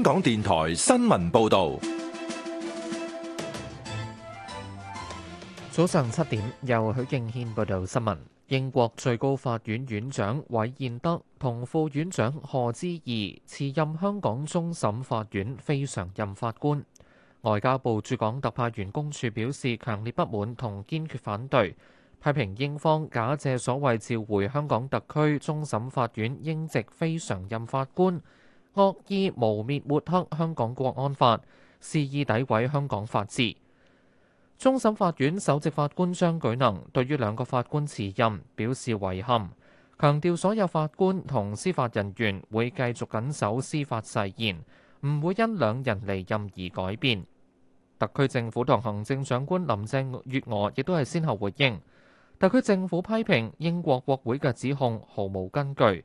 香港電台新聞報道，早上七點，由許敬軒報道新聞。英國最高法院院長韋彥德同副院長賀之儀辭任香港終審法院非常任法官。外交部駐港特派員公署表示強烈不滿同堅決反對，批評英方假借所謂召回香港特區終審法院英籍非常任法官。惡意污衊抹黑香港國安法，肆意詆毀香港法治。終審法院首席法官張舉能對於兩個法官辭任表示遺憾，強調所有法官同司法人員會繼續謹守司法誓言，唔會因兩人離任而改變。特區政府同行政長官林鄭月娥亦都係先後回應，特區政府批評英國國會嘅指控毫無根據。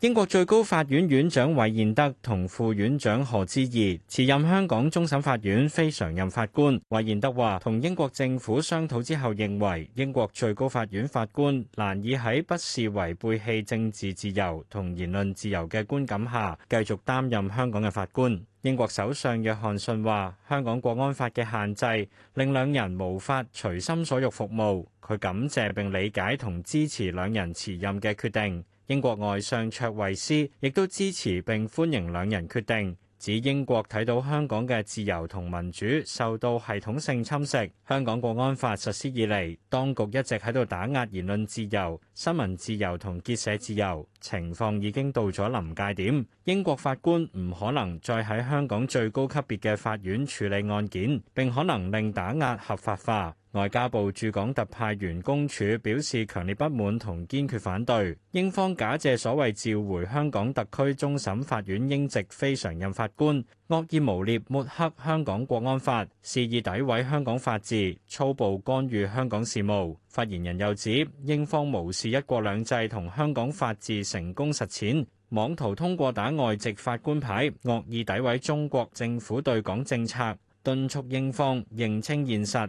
英國最高法院院長韋賢德同副院長何之儀辭任香港終審法院非常任法官。韋賢德話：同英國政府商討之後，認為英國最高法院法官難以喺不視為背棄政治自由同言論自由嘅觀感下，繼續擔任香港嘅法官。英國首相約翰遜話：香港國安法嘅限制令兩人無法隨心所欲服務，佢感謝並理解同支持兩人辭任嘅決定。英國外相卓慧思亦都支持並歡迎兩人決定，指英國睇到香港嘅自由同民主受到系統性侵蝕，香港國安法實施以嚟，當局一直喺度打壓言論自由、新聞自由同結社自由，情況已經到咗臨界點。英國法官唔可能再喺香港最高級別嘅法院處理案件，並可能令打壓合法化。外交部駐港特派員公署表示強烈不滿同堅決反對英方假借所謂召回香港特區終審法院英籍非常任法官，惡意污蔑抹黑香港國安法，肆意詆毀香港法治，粗暴干預香港事務。發言人又指英方無視一國兩制同香港法治成功實踐，妄圖通過打外籍法官牌，惡意詆毀中國政府對港政策，敦促英方認清現實，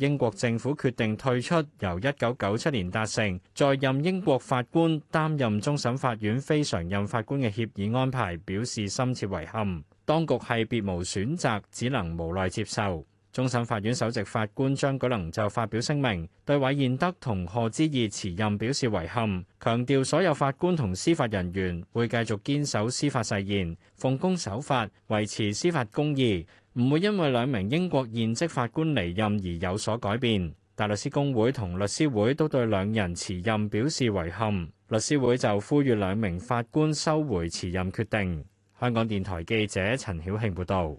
英國政府決定退出由一九九七年達成在任英國法官擔任終審法院非常任法官嘅協議安排，表示深切遺憾。當局係別無選擇，只能無奈接受。終審法院首席法官張舉能就發表聲明，對韋彥德同賀知義辭任表示遺憾，強調所有法官同司法人員會繼續堅守司法誓言，奉公守法，維持司法公義，唔會因為兩名英國現職法官離任而有所改變。大律師公會同律師會都對兩人辭任表示遺憾，律師會就呼籲兩名法官收回辭任決定。香港電台記者陳曉慶報導。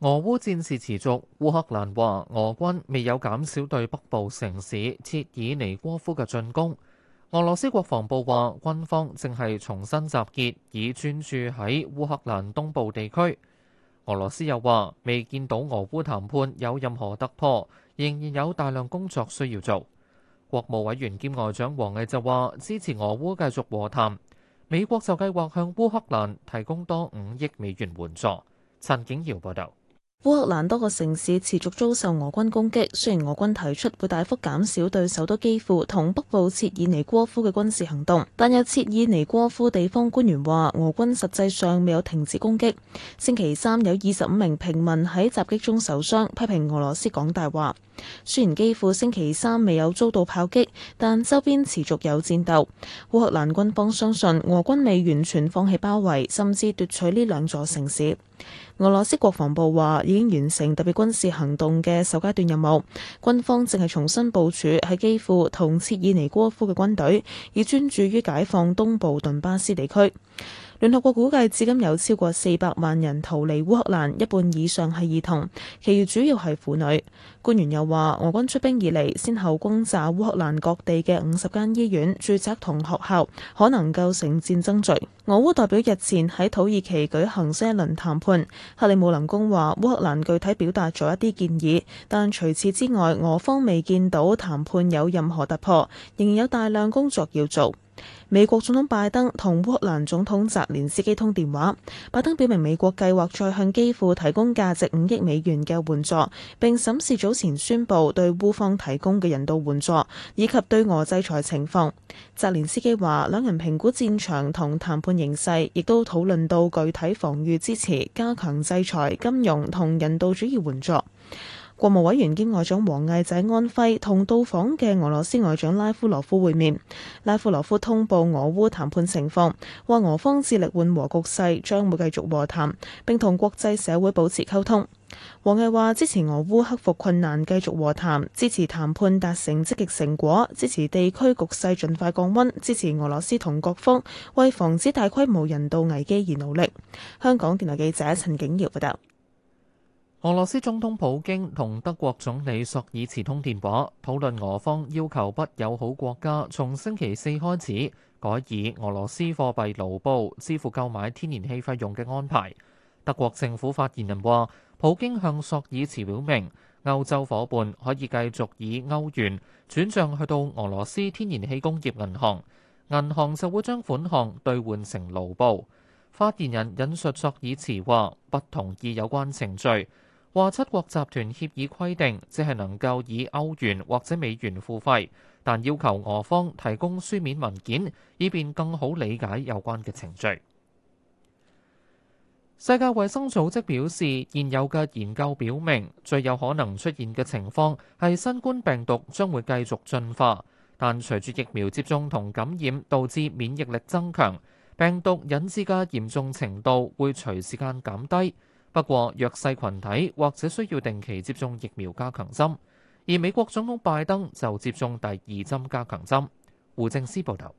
俄烏戰事持續，烏克蘭話俄軍未有減少對北部城市切爾尼戈夫嘅進攻。俄羅斯國防部話軍方正係重新集結，以專注喺烏克蘭東部地區。俄羅斯又話未見到俄烏談判有任何突破，仍然有大量工作需要做。國務委員兼外長王毅就話支持俄烏繼續和談。美國就計劃向烏克蘭提供多五億美元援助。陳景堯報道。烏克蘭多個城市持續遭受俄軍攻擊，雖然俄軍提出會大幅減少對首都基輔同北部切爾尼戈夫嘅軍事行動，但有切爾尼戈夫地方官員話，俄軍實際上未有停止攻擊。星期三有二十五名平民喺襲擊中受傷，批評俄羅斯講大話。雖然基輔星期三未有遭到炮擊，但周邊持續有戰鬥。烏克蘭軍方相信俄軍未完全放棄包圍，甚至奪取呢兩座城市。俄羅斯國防部話已經完成特別軍事行動嘅首階段任務，軍方正係重新部署喺基輔同切爾尼戈夫嘅軍隊，以專注於解放東部頓巴斯地區。聯合國估計，至今有超過四百萬人逃離烏克蘭，一半以上係兒童，其餘主要係婦女。官員又話，俄軍出兵以嚟，先後轟炸烏克蘭各地嘅五十間醫院、住宅同學校，可能構成戰爭罪。俄烏代表日前喺土耳其舉行新一輪談判，克里姆林宮話，烏克蘭具體表達咗一啲建議，但除此之外，俄方未見到談判有任何突破，仍然有大量工作要做。美國總統拜登同烏克蘭總統澤連斯基通電話，拜登表明美國計劃再向基輔提供價值五億美元嘅援助，並審視早前宣布對烏方提供嘅人道援助，以及對俄制裁情況。澤連斯基話，兩人評估戰場同談判形勢，亦都討論到具體防禦支持、加強制裁、金融同人道主義援助。國務委員兼外長王毅在安徽同到訪嘅俄羅斯外長拉夫羅夫會面，拉夫羅夫通報俄烏談判情況，話俄方致力緩和局勢，將會繼續和談，並同國際社會保持溝通。王毅話支持俄烏克服困難，繼續和談，支持談判達成積極成果，支持地區局勢盡快降温，支持俄羅斯同各方為防止大規模人道危機而努力。香港電台記者陳景瑤報道。俄羅斯總統普京同德國總理朔爾茨通電話，討論俄方要求不友好國家從星期四開始改以俄羅斯貨幣盧布支付購買天然氣費用嘅安排。德國政府發言人話，普京向朔爾茨表明，歐洲伙伴可以繼續以歐元轉賬去到俄羅斯天然氣工業銀行，銀行就會將款項兌換成盧布。發言人引述朔爾茨話，不同意有關程序。話七國集團協議規定，只係能夠以歐元或者美元付費，但要求俄方提供書面文件，以便更好理解有關嘅程序。世界衛生組織表示，現有嘅研究表明，最有可能出現嘅情況係新冠病毒將會繼續進化，但隨住疫苗接種同感染導致免疫力增強，病毒引致嘅嚴重程度會隨時間減低。不過，弱勢群體或者需要定期接種疫苗加強針，而美國總統拜登就接種第二針加強針。胡政思報導。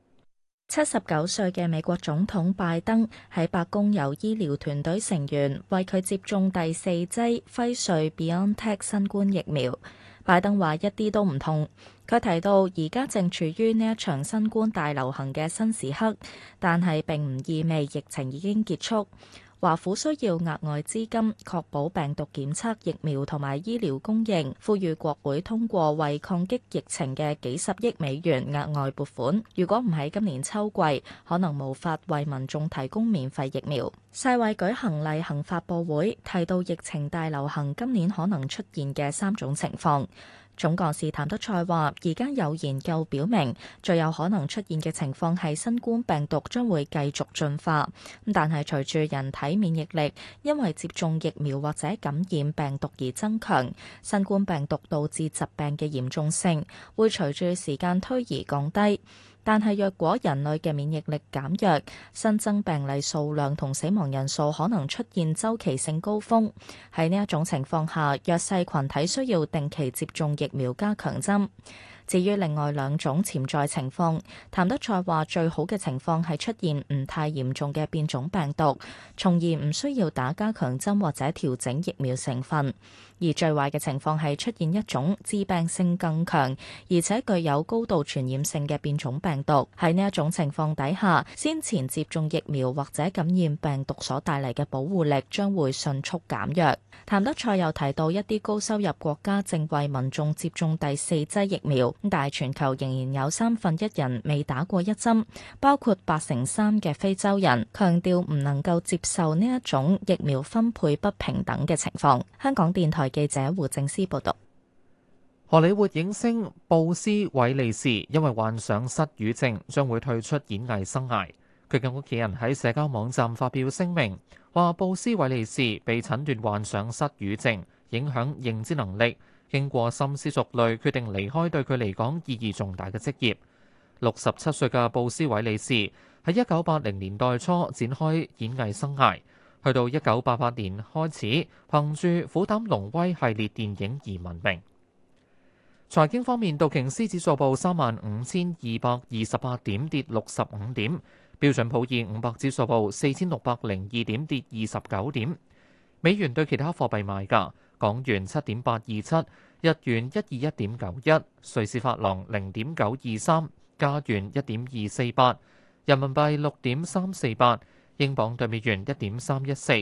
七十九歲嘅美國總統拜登喺白宮由醫療團隊成員為佢接種第四劑輝瑞 BioNTech 新冠疫苗。拜登話一啲都唔痛。佢提到而家正處於呢一場新冠大流行嘅新時刻，但係並唔意味疫情已經結束。華府需要額外資金確保病毒檢測、疫苗同埋醫療供應，呼籲國會通過為抗擊疫情嘅幾十億美元額外撥款。如果唔喺今年秋季，可能無法為民眾提供免費疫苗。世衛舉行例行發佈會，提到疫情大流行今年可能出現嘅三種情況。總幹事譚德賽話，而家有研究表明，最有可能出現嘅情況係新冠病毒將會繼續進化。但係隨住人體免疫力因為接種疫苗或者感染病毒而增強，新冠病毒導致疾病嘅嚴重性會隨住時間推移降低。但係，若果人類嘅免疫力減弱，新增病例數量同死亡人數可能出現周期性高峰。喺呢一種情況下，弱勢群體需要定期接種疫苗加強針。至於另外兩種潛在情況，譚德賽話最好嘅情況係出現唔太嚴重嘅變種病毒，從而唔需要打加強針或者調整疫苗成分。而最壞嘅情況係出現一種致病性更強，而且具有高度傳染性嘅變種病毒。喺呢一種情況底下，先前接種疫苗或者感染病毒所帶嚟嘅保護力將會迅速減弱。譚德賽又提到，一啲高收入國家正為民眾接種第四劑疫苗。但係全球仍然有三分一人未打過一針，包括八成三嘅非洲人，強調唔能夠接受呢一種疫苗分配不平等嘅情況。香港電台記者胡正思報道。荷里活影星布斯·韋利士因為患上失語症，將會退出演藝生涯。佢嘅屋企人喺社交網站發表聲明，話布斯·韋利士被診斷患上失語症，影響認知能力。經過深思熟慮，決定離開對佢嚟講意義重大嘅職業。六十七歲嘅布斯韋利士喺一九八零年代初展開演藝生涯，去到一九八八年開始憑住《虎膽龍威》系列電影而聞名。財經方面，道瓊斯指數報三萬五千二百二十八點，跌六十五點；標準普爾五百指數報四千六百零二點，跌二十九點。美元對其他貨幣賣價。港元七點八二七，日元一二一點九一，瑞士法郎零點九二三，加元一點二四八，人民幣六點三四八，英鎊對美元一點三一四，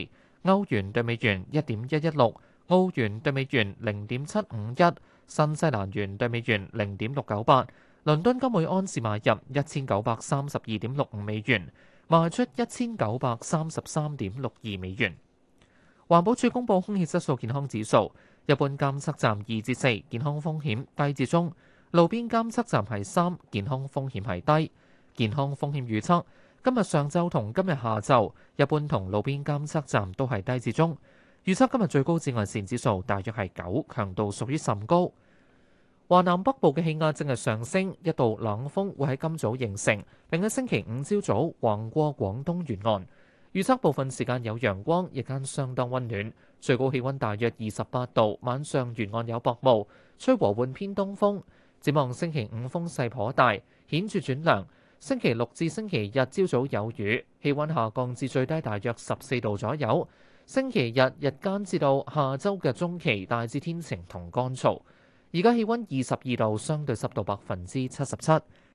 歐元對美元一點一一六，澳元對美元零點七五一，新西蘭元對美元零點六九八，倫敦金每安士買入一千九百三十二點六五美元，賣出一千九百三十三點六二美元。環保署公布空氣質素健康指數，一般監測站二至四，健康風險低至中；路邊監測站係三，健康風險係低。健康風險預測今，上今日上晝同今日下晝，一般同路邊監測站都係低至中。預測今日最高紫外綫指數大約係九，強度屬於甚高。華南北部嘅氣壓正係上升，一道冷鋒會喺今早形成，並喺星期五朝早橫過廣東沿岸。預測部分時間有陽光，日間相當温暖，最高氣温大約二十八度。晚上沿岸有薄霧，吹和緩偏東風。展望星期五風勢頗大，顯著轉涼。星期六至星期日朝早有雨，氣温下降至最低大約十四度左右。星期日日間至到下週嘅中期大致天晴同乾燥。而家氣温二十二度，相對濕度百分之七十七。